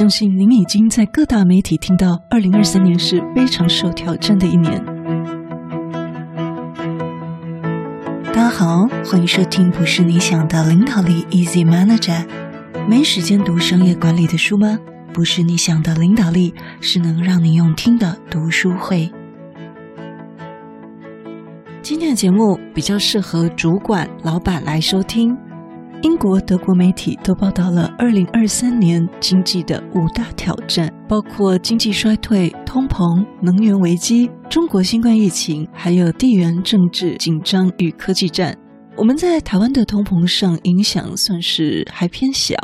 相信您已經在各大媒體聽到，二零二三年是非常受挑戰的一年。大家好，歡迎收聽《不是你想的領導力》，Easy Manager。沒時間讀商業管理的書嗎？不是你想的領導力，是能讓你用聽的讀書會。今天的節目比較適合主管、老闆來收聽。英國、德國媒體都報道了2023年經濟的五大挑戰，包括經濟衰退、通膨、能源危機、中國新冠疫情，還有地緣政治緊張與科技戰。我們在台灣的通膨上影響算是還偏小。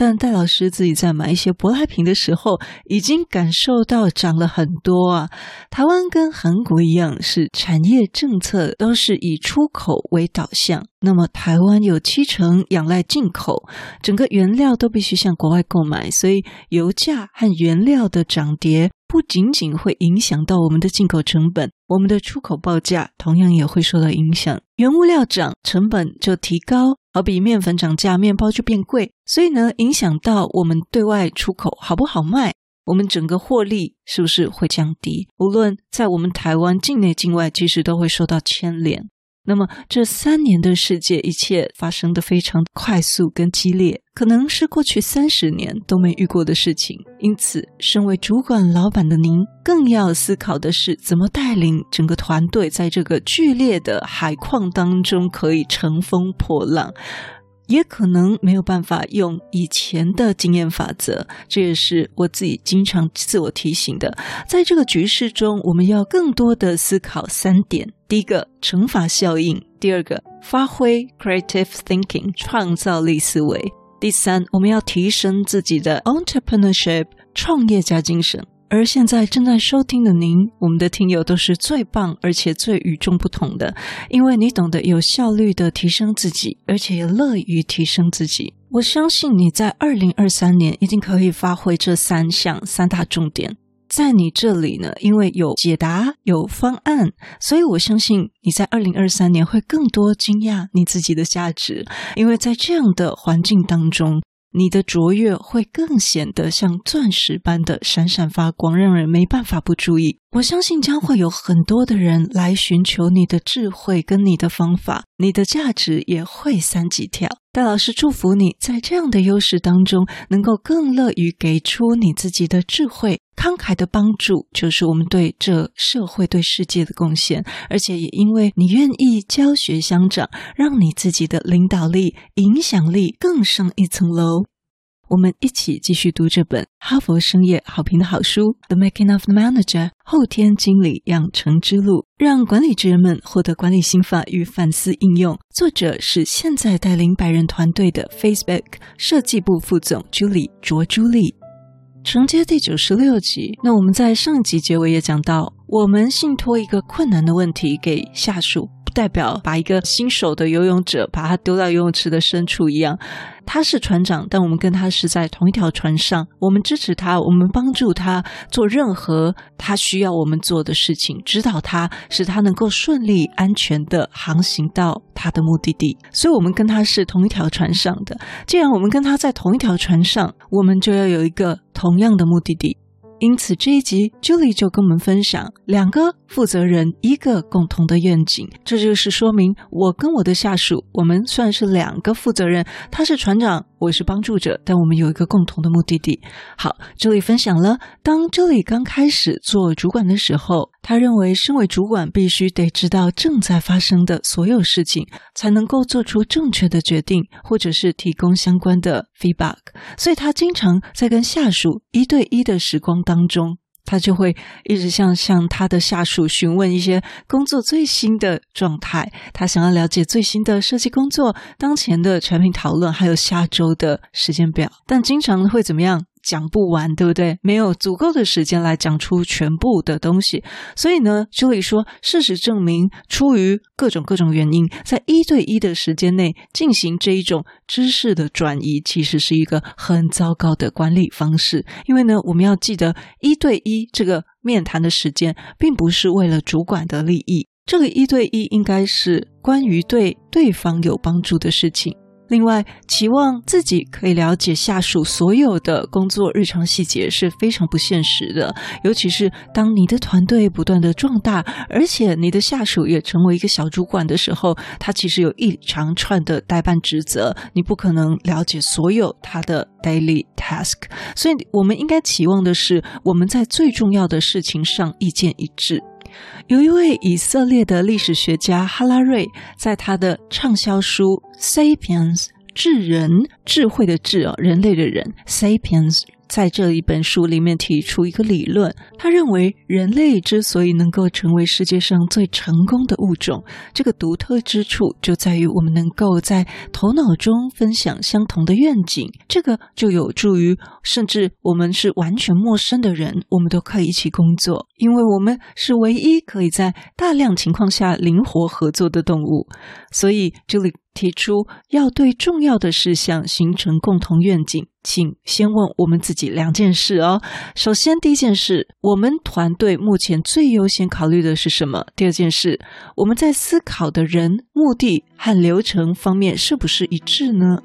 但戴老師自己在買一些舶來品的時候，已經感受到漲了很多啊！台灣跟韓國一樣，是產業政策都是以出口為導向。那麼，台灣有七成仰賴進口，整個原料都必須向國外購買，所以油價和原料的漲跌，不僅僅會影響到我們的進口成本，我們的出口報價同樣也會受到影響。原物料漲，成本就提高。好比麵粉漲價，麵包就變貴，所以呢，影響到我們對外出口好不好賣，我們整個獲利是不是會降低？無論在我們台灣境內境外，其實都會受到牽連。那麼，這三年的世界一切發生的非常快速跟激烈，可能是過去三十年都沒遇過的事情。因此，身為主管、老闆的您，更要思考的是怎麼帶領整個團隊，在這個劇烈的海況當中可以乘風破浪。也可能沒有辦法用以前的經驗法則，這也是我自己經常自我提醒的。在這個局勢中，我們要更多的思考三點。第一個乘法效應，第二個發揮 creative thinking 創造力思維，第三，我們要提升自己的 entrepreneurship 創業家精神。而現在正在收聽的您，我們的聽友都是最棒而且最與眾不同的，因為你懂得有效率的提升自己，而且也樂於提升自己。我相信你在二零二三年一定可以發揮這三項三大重點。在你這裡呢，因為有解答、有方案，所以我相信你在二零二三年會更多驚訝你自己的價值，因為在這樣的環境當中，你的卓越會更顯得像鑽石般的閃閃發光，讓人沒辦法不注意。我相信將會有很多的人來尋求你的智慧跟你的方法，你的價值也會三級跳。戴老師祝福你在這樣的優勢當中，能夠更樂於給出你自己的智慧、慷慨的幫助，就是我們對這社會、對世界的貢獻。而且也因為你願意教學相長，讓你自己的領導力、影響力更上一層樓。我們一起繼續讀這本哈佛商業好評的好書《The Making of a Manager》後天經理養成之路，讓管理職人們獲得管理心法與反思應用。作者是現在帶領百人團隊的 Facebook 設計部副總朱莉卓朱莉。承接第九十六集，那我們在上一集結尾也講到，我們信托一個困難的問題給下屬，不代表把一個新手的游泳者把他丟到游泳池的深處一樣。他是船長，但我們跟他是在同一條船上。我們支持他，我們幫助他做任何他需要我們做的事情，指導他，使他能夠順利、安全地航行到他的目的地。所以，我們跟他是同一條船上的。既然我們跟他在同一條船上，我們就要有一個同樣的目的地。因此，這一集 Julie 就跟我們分享兩個負責人一個共同的願景，這就是說明我跟我的下屬，我們算是兩個負責人，他是船長。我是幫助者，但我們有一個共同的目的地。好，這裡分享了，當這裡剛開始做主管的時候，他認為身為主管必須得知道正在發生的所有事情，才能夠做出正確的決定，或者是提供相關的 feedback。所以他經常在跟下屬一對一的時光當中。他就會一直向向他的下屬詢問一些工作最新的狀態，他想要了解最新的設計工作、當前的產品討論，還有下週的時間表。但經常會怎麼樣？講不完，對不對？沒有足夠的時間來講出全部的東西，所以呢，就會說，事實證明，出於各種各種原因，在一對一的時間內進行這一種知識的轉移，其實是一個很糟糕的管理方式。因為呢，我們要記得，一對一這個面談的時間，並不是為了主管的利益，這個一對一應該是關於對對方有幫助的事情。另外，期望自己可以了解下屬所有的工作日常細節是非常不現實的，尤其是當你的團隊不斷的壯大，而且你的下屬也成為一個小主管的時候，他其實有一長串的待辦職責，你不可能了解所有他的 daily task。所以，我們應該期望的是，我們在最重要的事情上意見一致。有一位以色列的歷史學家哈拉瑞，在他的暢銷書《Sapiens》，智人，智慧的智、哦、人類的人《Sapiens》。在這一本書裡面提出一個理論，他認為人類之所以能夠成為世界上最成功的物種，這個獨特之處就在於我們能夠在頭腦中分享相同的願景。這個就有助於，甚至我們是完全陌生的人，我們都可以一起工作，因為我們是唯一可以在大量情況下靈活合作的動物。所以這裡。提出要對重要的事項形成共同願景，請先問我們自己兩件事哦。首先，第一件事，我們團隊目前最優先考慮的是什麼？第二件事，我們在思考的人、目的和流程方面是不是一致呢？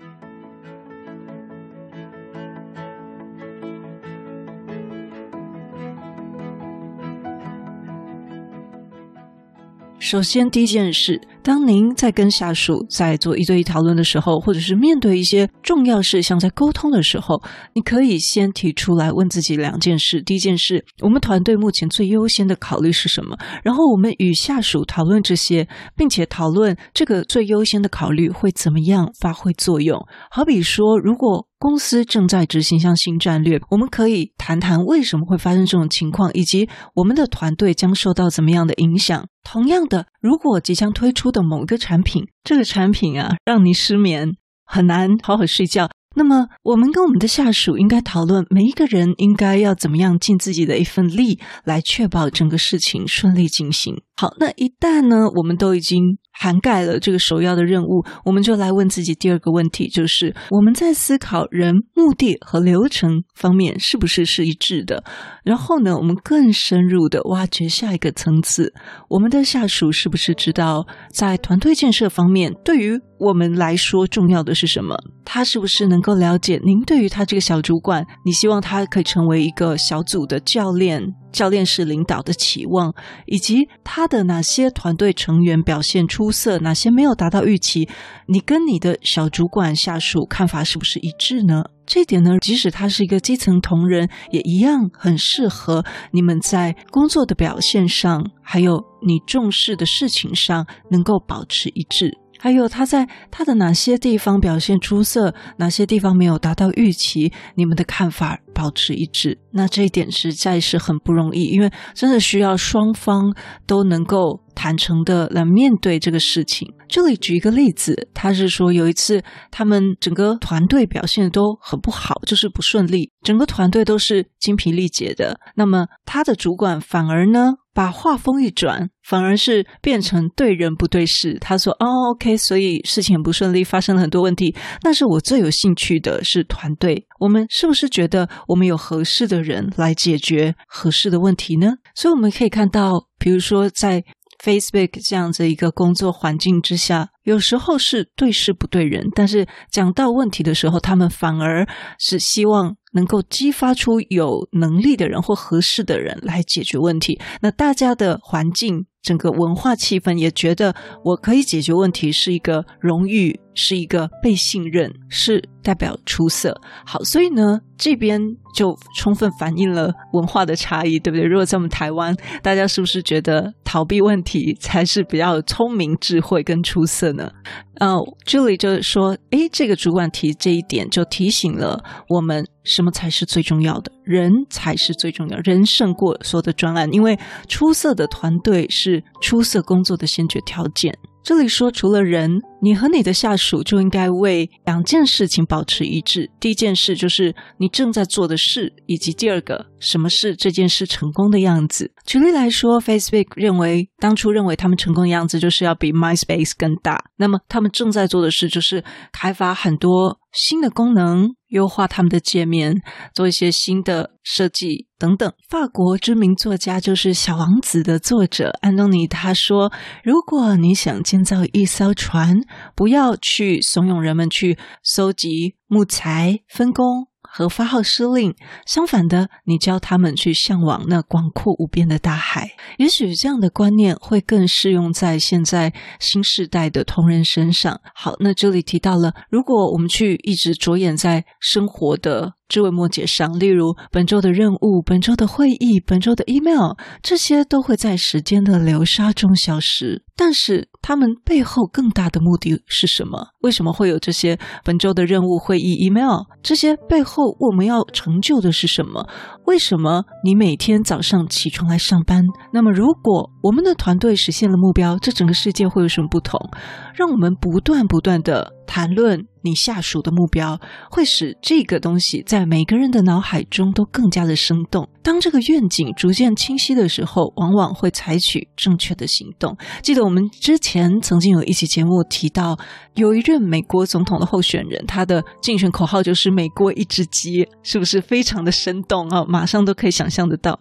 首先，第一件事。當您在跟下屬在做一對一討論的時候，或者是面對一些重要事項在溝通的時候，你可以先提出來問自己兩件事：第一件事，我們團隊目前最優先的考慮是什麼？然後我們與下屬討論這些，並且討論這個最優先的考慮會怎麼樣發揮作用。好比說，如果公司正在執行一項新戰略，我們可以談談為什麼會發生這種情況，以及我們的團隊將受到怎麼樣的影響。同樣的，如果即將推出的某個產品，這個產品啊，讓你失眠，很難好好睡覺，那麼我們跟我們的下屬應該討論，每一個人應該要怎麼樣盡自己的一份力，來確保整個事情順利進行。好，那一旦呢，我們都已經。涵蓋了這個首要的任務，我們就來問自己第二個問題，就是我們在思考人、目的和流程方面是不是是一致的？然後呢，我們更深入的挖掘下一個層次，我們的下屬是不是知道在團隊建設方面對於我們來說重要的是什麼？他是不是能夠了解您對於他這個小主管，你希望他可以成為一個小組的教練？教練是領導的期望，以及他的哪些團隊成員表現出色，哪些沒有達到預期，你跟你的小主管下屬看法是不是一致呢？這點呢，即使他是一個基層同仁，也一樣很適合你們在工作的表現上，還有你重視的事情上，能夠保持一致。還有他在他的哪些地方表現出色，哪些地方沒有達到預期，你們的看法保持一致，那這一點實在是很不容易，因為真的需要雙方都能夠坦誠的來面對這個事情。這裡舉一個例子，他是說有一次他們整個團隊表現都很不好，就是不順利，整個團隊都是精疲力竭的，那麼他的主管反而呢，把話鋒一轉，反而是變成對人不對事。他說：“哦，OK，所以事情很不順利，發生了很多問題。但是我最有興趣的是團隊，我們是不是覺得我們有合適的人來解決合適的問題呢？所以我們可以看到，比如說在 Facebook 這樣子一個工作環境之下，有時候是對事不對人，但是講到問題的時候，他們反而是希望。”能夠激發出有能力的人或合適的人來解決問題。那大家的環境，整個文化氣氛也覺得我可以解決問題是一個榮譽，是一個被信任，是代表出色。好，所以呢，這邊就充分反映了文化的差異，對不對？如果在我們台灣，大家是不是覺得逃避問題才是比較聰明、智慧跟出色呢？呃，Julie 就說：“誒，這個主管提這一點，就提醒了我們，什麼才是最重要的。”人才是最重要，人勝過所有的專案，因為出色的團隊是出色工作的先決條件。這裡說，除了人，你和你的下屬就應該為兩件事情保持一致。第一件事就是你正在做的事，以及第二個什麼，是這件事成功的樣子。舉例來說，Facebook 認為當初認為他們成功的樣子就是要比 MySpace 更大，那麼他們正在做的事就是開發很多。新的功能，優化他們的界面，做一些新的設計等等。法國知名作家就是《小王子》的作者安東尼，他說：“如果你想建造一艘船，不要去慫恿人們去搜集木材，分工。”和發號施令相反的，你教他們去嚮往那廣闊無邊的大海。也許這樣的觀念會更適用在現在新世代的同仁身上。好，那這裡提到了，如果我們去一直着眼在生活的。只為莫解上，例如，本周的任務、本周的會議、本周的 email，這些都會在時間的流沙中消失。但是，他們背後更大的目的是什麼？為什麼會有這些本周的任務、會議、email？這些背後，我們要成就的是什麼？為什麼你每天早上起床來上班？那麼，如果我們的團隊實現了目標，這整個世界會有什麼不同？讓我們不斷不斷的。談論你下屬的目標，會使這個東西在每個人的腦海中都更加的生動。當這個願景逐漸清晰的時候，往往會採取正確的行動。記得我們之前曾經有一期節目提到，有一任美國總統的候選人，他的競選口號就是“美國一隻雞”，是不是非常的生動啊？馬上都可以想象得到。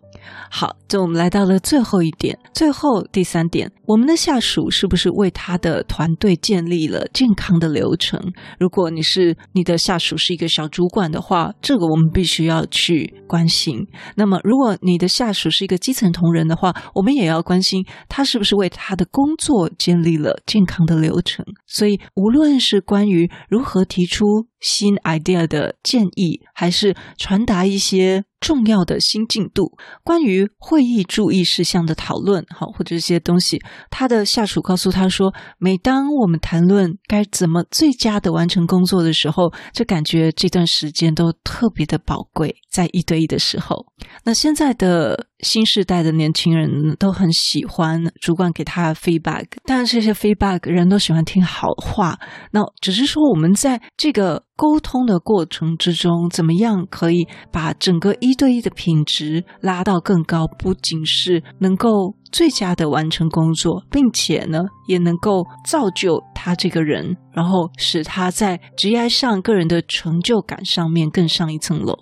好，就我們來到了最後一點，最後第三點，我們的下屬是不是為他的團隊建立了健康的流程？如果你是你的下屬是一個小主管的話，這個我們必須要去關心。那麼，如果你的下屬是一個基層同仁的話，我們也要關心他是不是為他的工作建立了健康的流程。所以，無論是關於如何提出新 idea 的建議，還是傳達一些，重要的新進度，關於會議注意事項的討論，好，或者這些東西，他的下屬告訴他說，每當我們談論該怎麼最佳的完成工作的時候，就感覺這段時間都特別的寶貴。在一對一的時候，那現在的新時代的年輕人都很喜歡主管給他的 feedback。但是這些 feedback 人都喜歡聽好話。那只是說，我們在這個溝通的過程之中，怎麼樣可以把整個一對一的品質拉到更高？不僅是能夠最佳的完成工作，並且呢，也能夠造就他這個人，然後使他在職業上個人的成就感上面更上一層樓。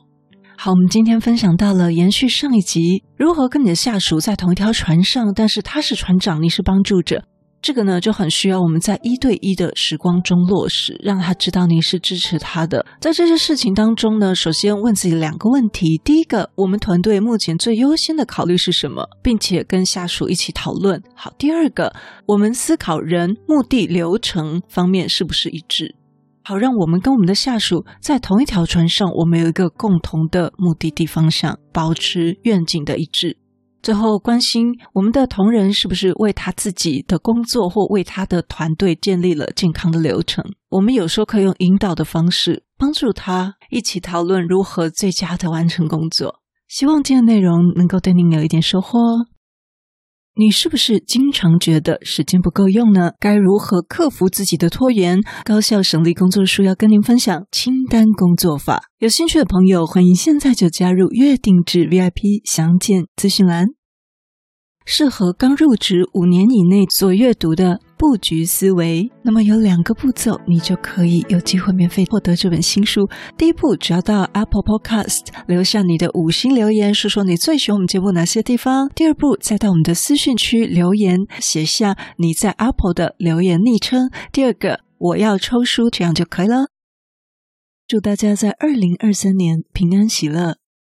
好，我們今天分享到了延續上一集，如何跟你的下屬在同一條船上，但是他是船長，你是幫助者，這個呢就很需要我們在一對一的時光中落實，讓他知道你是支持他的。在這些事情當中呢，首先問自己兩個問題：第一個，我們團隊目前最優先的考慮是什麼，並且跟下屬一起討論；好，第二個，我們思考人、目的、流程方面是不是一致。好，讓我們跟我們的下屬在同一條船上，我們有一個共同的目的地方向，保持願景的一致。最後，關心我們的同仁是不是為他自己的工作或為他的團隊建立了健康的流程。我們有時候可以用引導的方式幫助他一起討論如何最佳的完成工作。希望今天的內容能夠對您有一點收穫哦。你是不是經常覺得時間不夠用呢？該如何克服自己的拖延，高效省力工作？書要跟您分享清單工作法。有興趣的朋友，歡迎現在就加入月訂制 VIP，詳見資訊欄。適合剛入職五年以內做閱讀的布局思維，那麼有兩個步驟，你就可以有機會免費獲得這本新書。第一步，只要到 Apple Podcast 留下你的五星留言，說說你最喜歡我們節目哪些地方。第二步，再到我們的私訊區留言，寫下你在 Apple 的留言昵稱。第二個，我要抽書，這樣就可以了。祝大家在二零二三年平安喜樂。